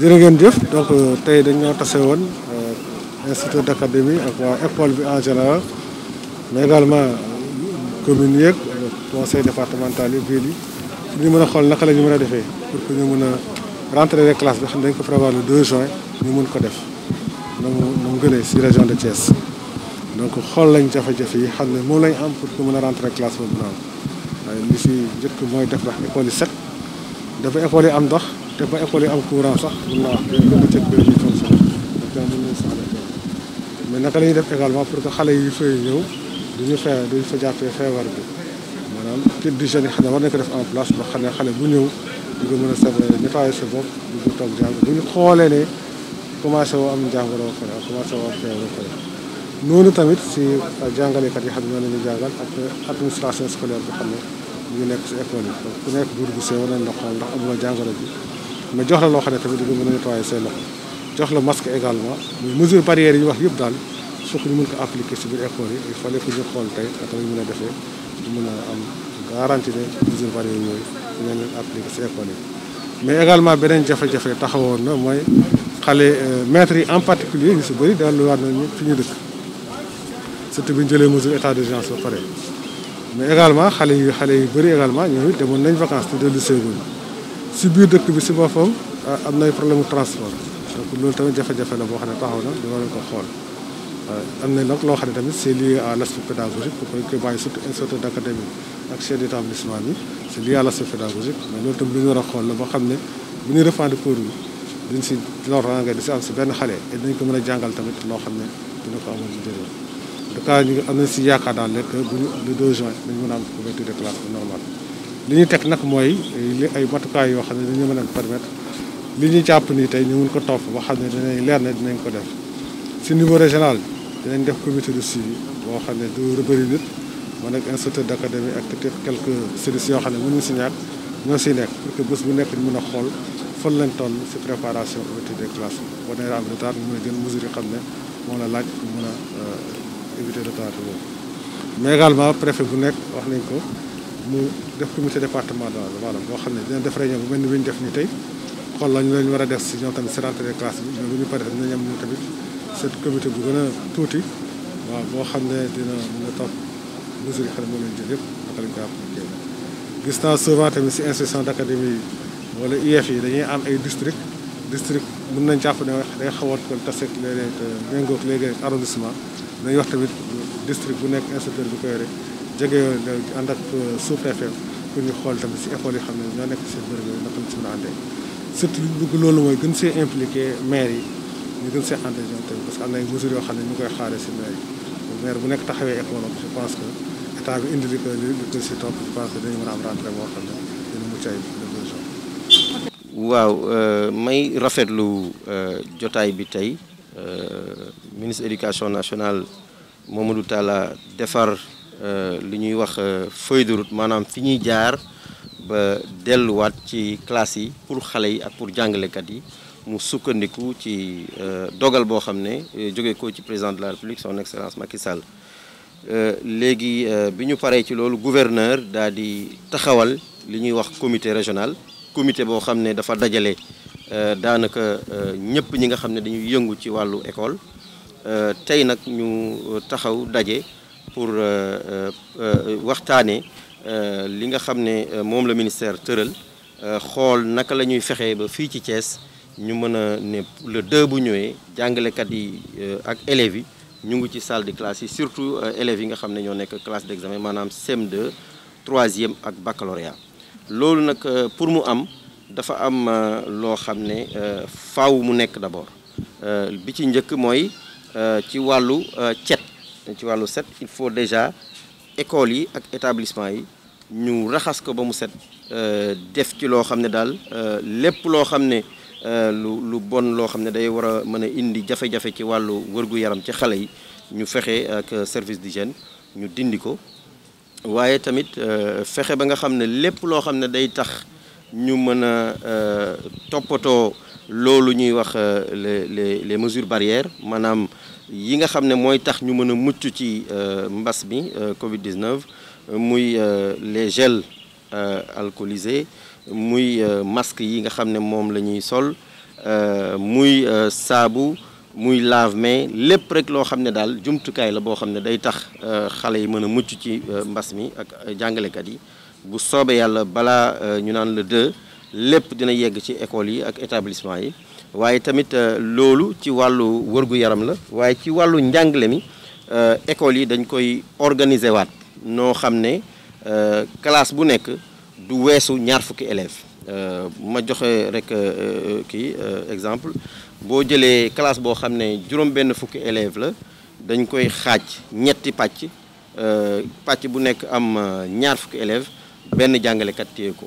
jërë ngeen jëf donc euh, tey dañoo tase woon euh, institut d'académie ak waa école bi en général mais également commune yeeg conseil départemental yi ville yi ñu mën a xool naka la ñu mën a defee pour que ñu mën a rentrée des classes bi xam ne dañ ko prévoir le 2 juin ñu mën ko def na mu na mu gënee si région de Thiès donc xool lañ jafe-jafe yi xam ne moom lañ am pour que mën a rentrée classe boobu naaw waaye li si njëkk mooy def ndax école yi set dafa école yi am ndox te ba école yi am courant sax mën naa wax dama cëg bi mais naka la ñuy def également pour que xale yi fay ñëw ñu fee duñu fa jàppee feebar bi maanaam kit du jeune yi xam ne war nañ ko def en place ba xam ne xale bu ñëw di nga mën a sab nettoyer sa bopp di ko toog jàng bu ñu xoolee ne commencé woo am njàngoro ba pare commencé woo am feebar ba pare noonu tamit si jàngalekat yi xam ne ñoo leen di jàngal ak administration scolaire bi xam nekk si école yi ku nekk buur bu see war nañ la nga jox la loo xam ne tamit di nga mën a nettoyer say loxo jox la masque également mais mesure barrières yi wax yëpp daal suuf ñu mën ko appliquer si biir école yi il fallait que ñu xool tey naka la ñu mën a defee ñu mën a am garantie ne mesures barrières yooyu dinañ leen appliquer si école yi mais également beneen jafe-jafe taxawoon na mooy xale euh, maîtres yi en particulier ñu si bëri delluwaat nañu fi ñu dëkk surtout bi ñu jëlee mesure état d'urgence ba pare mais également xale yu xale yu bëri également ñoom it demoon nañ vacances te dellu seeguñu si biir dëkk bi si boppam ah, am nay problème transport donc loolu tamit jafe-jafe la boo xam ne taxaw na ñu ko xool ah, am na nag loo xam ne tamit c'est à l'aspect pédagogique pour que bàyyi surtout inspecteur d'académie bi c'est lié à l'aspect loolu tamit a xool la boo xam ne bu ñuy reprendre cours bi duñ si loraange di si am si benn xale et dinañ ko mën a jàngal tamit loo xam ne dina ko amal si njëriñ am nañ si yaakaar daal rek bu ñu le 2 juin dañ mën a am couverture de classe normale li ñu teg nag mooy eh, li ay matukaay yoo xam ne dañu mën a permettre li ñu jàpp nii tey ñu mun ko topp ba xam ne dinañ leer na dinañ ko def si niveau régional dinañ def comité de suivi boo xam ne du bëri nit man ak instructeur d' académie ak quelques services yoo xam ne mënuñ si ñàkk ñoo si nekk pour que bés bu nekk ñu mën a xool fan lañ toll si préparation ouverture des classes boo nee am retard ñu mën a jël mesure xam ne moo la laaj pour mën a euh, éviter retard boobu mais également préfet bu nekk wax nañ ko. mu def comité départemental maanaam boo xam ne dina def réunion bu mel ni bi ñu def nii tey xool lañu lañu war a def si ñoom tamit si rentrée classe bi bu ñu paree dinañ am ñoom gën a tuuti waaw boo xam ne dina mën a topp mesures yi xam ne moom jël yëpp naka lañ koy appliqué gis naa souvent tamit si institution d'académie yi wala IEF yi dañuy am ay district district mën nañ jàpp ne day xaw a taseeg léeg-léeg euh, méngoog léeg-léeg arrondissement dañuy wax tamit district bu nekk inspecteur bi koy rek jege ànd ak sous-préfet pour ñu xool tamit si école yi xam ne ñoo nekk si bërëb yooyu naka la si mën a àndee surtout liñ bëgg loolu mooy gën see impliqué maire yi ñu gën see ànd ñoom tamit parce que am na ay mesures yoo xam ne ñu koy xaaree si maire yi maire bu nekk taxawee école am je pense que état bi indi li ko li ko si topp je pense que dañu mën a am rentrée boo xam ne dina mucc ayib le besoin. waaw may rafetlu jotaay bi tey ministre éducation nationale Mamadou Talla defar. Euh, li ñuy wax euh, feuille de route maanaam fi ñuy jaar ba delluwaat ci classe yi pour xale yi ak pour jàngalekat yi mu sukkandiku ci euh, dogal boo xam ne jóge ko ci président de la république son excellence Macky Sall léegi bi ñu paree ci loolu gouverneur daal di taxawal li ñuy wax comité régional comité boo xam ne dafa dajale daanaka ñëpp ñi nga xam ne dañuy yëngu ci wàllu école tey nag ñu taxaw daje. pour euh, euh, euh, waxtaanee li nga xam ne moom la ministère tëral xool naka la ñuy fexee ba fii ci cees ñu mën a ne le deux bu ñëwee jàngalekat yi ak élèves yi ñu ngi ci salle de classe yi surtout élèves yi nga xam ne ñoo nekk classe d'examen maanaam CM2 troisième ak baccalauréat loolu nag pour mu am dafa am loo xam ne faw mu nekk d'abord bi ci njëkk mooy ci wàllu cet te ci walu set il faut déjà école yi ak établissement yi ñu raxas ko ba mu set euh, def ci lo xamné dal daal euh, lépp loo xam ne euh, lu lu bon lo xamné day wara mëna indi jafé jafé ci walu wërgu-yaram ci xalé yi ñu fexé ak service d'hygiène ñu dindi ko waaye tamit fexé ba nga xamné lepp lo xamné day tax ñu mëna a toppatoo loolu ñuy wax les les les mesures barrières maanaam yi nga xam ne mooy tax ñu mën a mucc ci euh, mbas mi euh, Covid 19 muy euh, les gels alcoolisés muy masque yi nga xam ne moom la ñuy sol muy saabu muy lave-mains lépp rek loo xam ne daal jumtukaay la boo xam ne day tax xale yi mën a mucc ci mbas mi ak jàngalekat yi bu soobe yàlla balaa ñu naan le deux lépp dina yegg ci école yi ak établissement yi. waaye tamit euh, loolu ci wàllu wërgu yaram la waaye ci wàllu njàngale mi euh, école yi dañ koy organiser waat noo xam ne euh, classe bu nekk du weesu ñaar fukki élèves ma joxe rek kii exemple boo jëlee classe boo xam ne juróom benn fukki élèves la dañ koy xaaj ñetti pàcc pàcc bu nekk am ñaar fukki élèves benn jàngalekat téye ko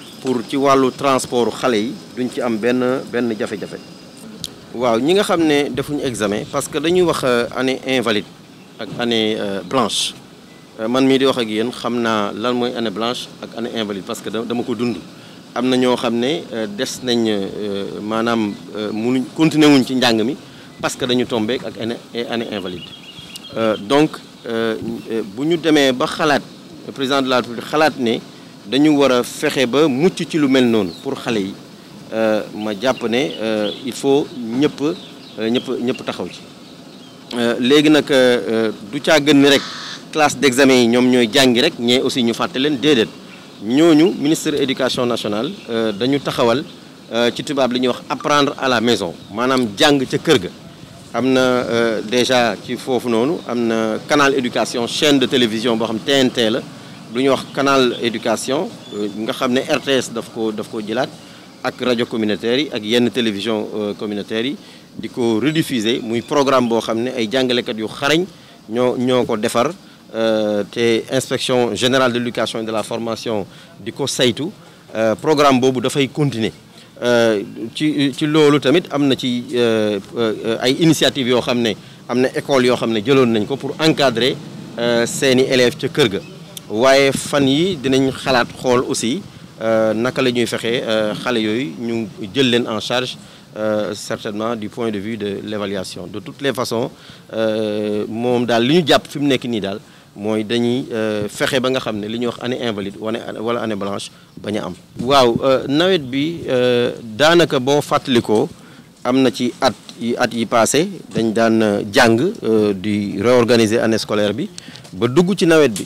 pour ci wàllu transport xalé yi duñ ci am ben ben jafé jafé waaw ñi nga xamné defuñ examen parce que dañuy wax euh, année invalide ak année euh, blanche euh, man mi di wax ak yeen xamna lan moy année blanche ak année invalide parce que dama ko dund amna ño xamné dess ne des nañ maanaam munuñ continuer wuñ ci njàng mi parce que dañu tomber ak année invalide donc bu ñu demee ba xalat président de la République xalat né dañu wara fexé ba mucc ci lu mel non pour xalé yi euh, ma né euh il faut ñëpp euh, ñëpp ñëpp taxaw ci euh, léegi nag du caa gën rek classe d'examen yi ñoom ñooy jàngi rek ñé aussi ñu faté len dédét ñoñu ministre éducation nationale dañu taxawal ci tubaab li ñu wax apprendre à la maison manam jàng ci kër ga amna déjà ci fofu nonu amna canal éducation chaîne de télévision bo xam TNT la lu wax canal éducation euh, nga xam RTS daf ko daf ko jëlaat ak rajo communautaire yi ak yenn télévision euh, communautaire yi di ko rediffuser muy programme boo xam ne ay jàngalekat yu xarañ ñoo ñoo ko defar euh, te inspection générale de l'éducation et de la formation di ko saytu programme bobu da fay continuer ci ci lolu tamit amna na ci ay initiative yo xamné amna école yo xamné jëlone nañ ko pour encadrer euh seeni élèves ci kër ga waye fan yi dinañ xalaat xol aussi euh naka lañuy fexé euh xalé yooyu ñu jël leen en charge euh certainement du point de vue de l'évaluation de toutes les façons euh mom dal liñu japp fim mu nekk nii daal mooy dañuy euh, fexé ba nga xamné liñu wax année invalide wala année blanche baña am. waaw euh, nawet bi euh, daanaka boo bo fatlikoo amna ci at yi at yi passé dañ dan jang euh di réorganiser année scolaire bi ba dugg ci nawet bi.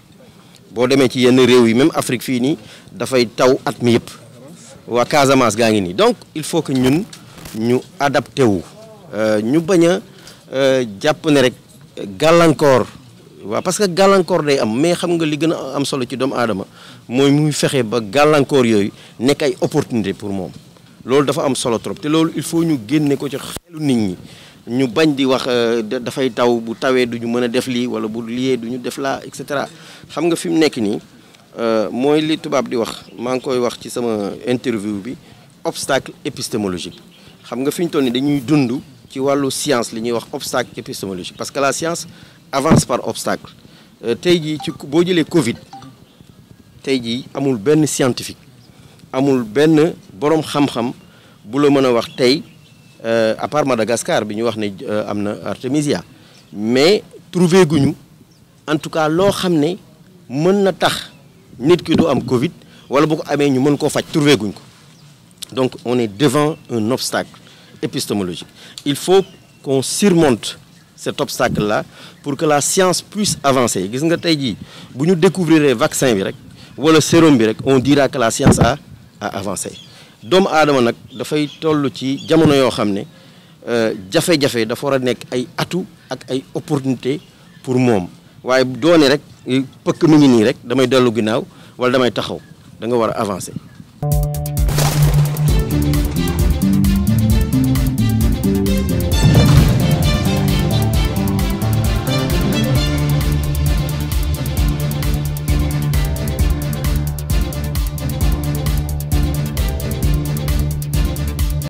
boo demee ci yenn réew yi même Afrique fii nii dafay taw at mi yëpp waa Casamance gaa ngi nii donc il faut que ñun ñu adapté wu euh, ñu bañ a euh, jàpp ne rek gàllankoor waa parce que gàllankoor day am mais xam nga li gën a am solo ci doomu aadama mooy muy fexe ba gàllankoor yooyu nekk ay opportunité pour moom loolu dafa am solo trop te loolu il faut ñu génne ko ci xelu nit ñi ñu bañ di wax euh, dafay taw bu tawee du ñu mën a def lii wala bu liyee du ñu def laa et cetera xam nga fi mu nekk nii euh, mooy li tubaab di wax maa koy wax ci sama interview bi obstacle épistémologique xam nga fi ñu toll nii dañuy dund ci wàllu science li ñuy wax obstacle épistémologique parce que la science avance par obstacle euh, tey jii ci boo jëlee Covid tey jii amul benn scientifique amul benn boroom xam-xam bu la mën wax tey. Euh, à part Madagascar nous euh, avons Artemisia mais trouver en tout cas nous savons que nous avons que du Covid wala bu ko trouver. donc on est devant un obstacle épistémologique il faut qu'on surmonte cet obstacle là pour que la science puisse avancer gis nous découvrons le vaccin ou le sérum on dira que la science a avancé doomu aadama nag dafay toll ci jamono yoo xam ne euh, jafe-jafe dafa war a nekk ay atu ak ay opportunité pour moom waaye doone rek pëkk mi ngi nii rek damay dellu ginnaaw wala damay taxaw da nga war a avancer.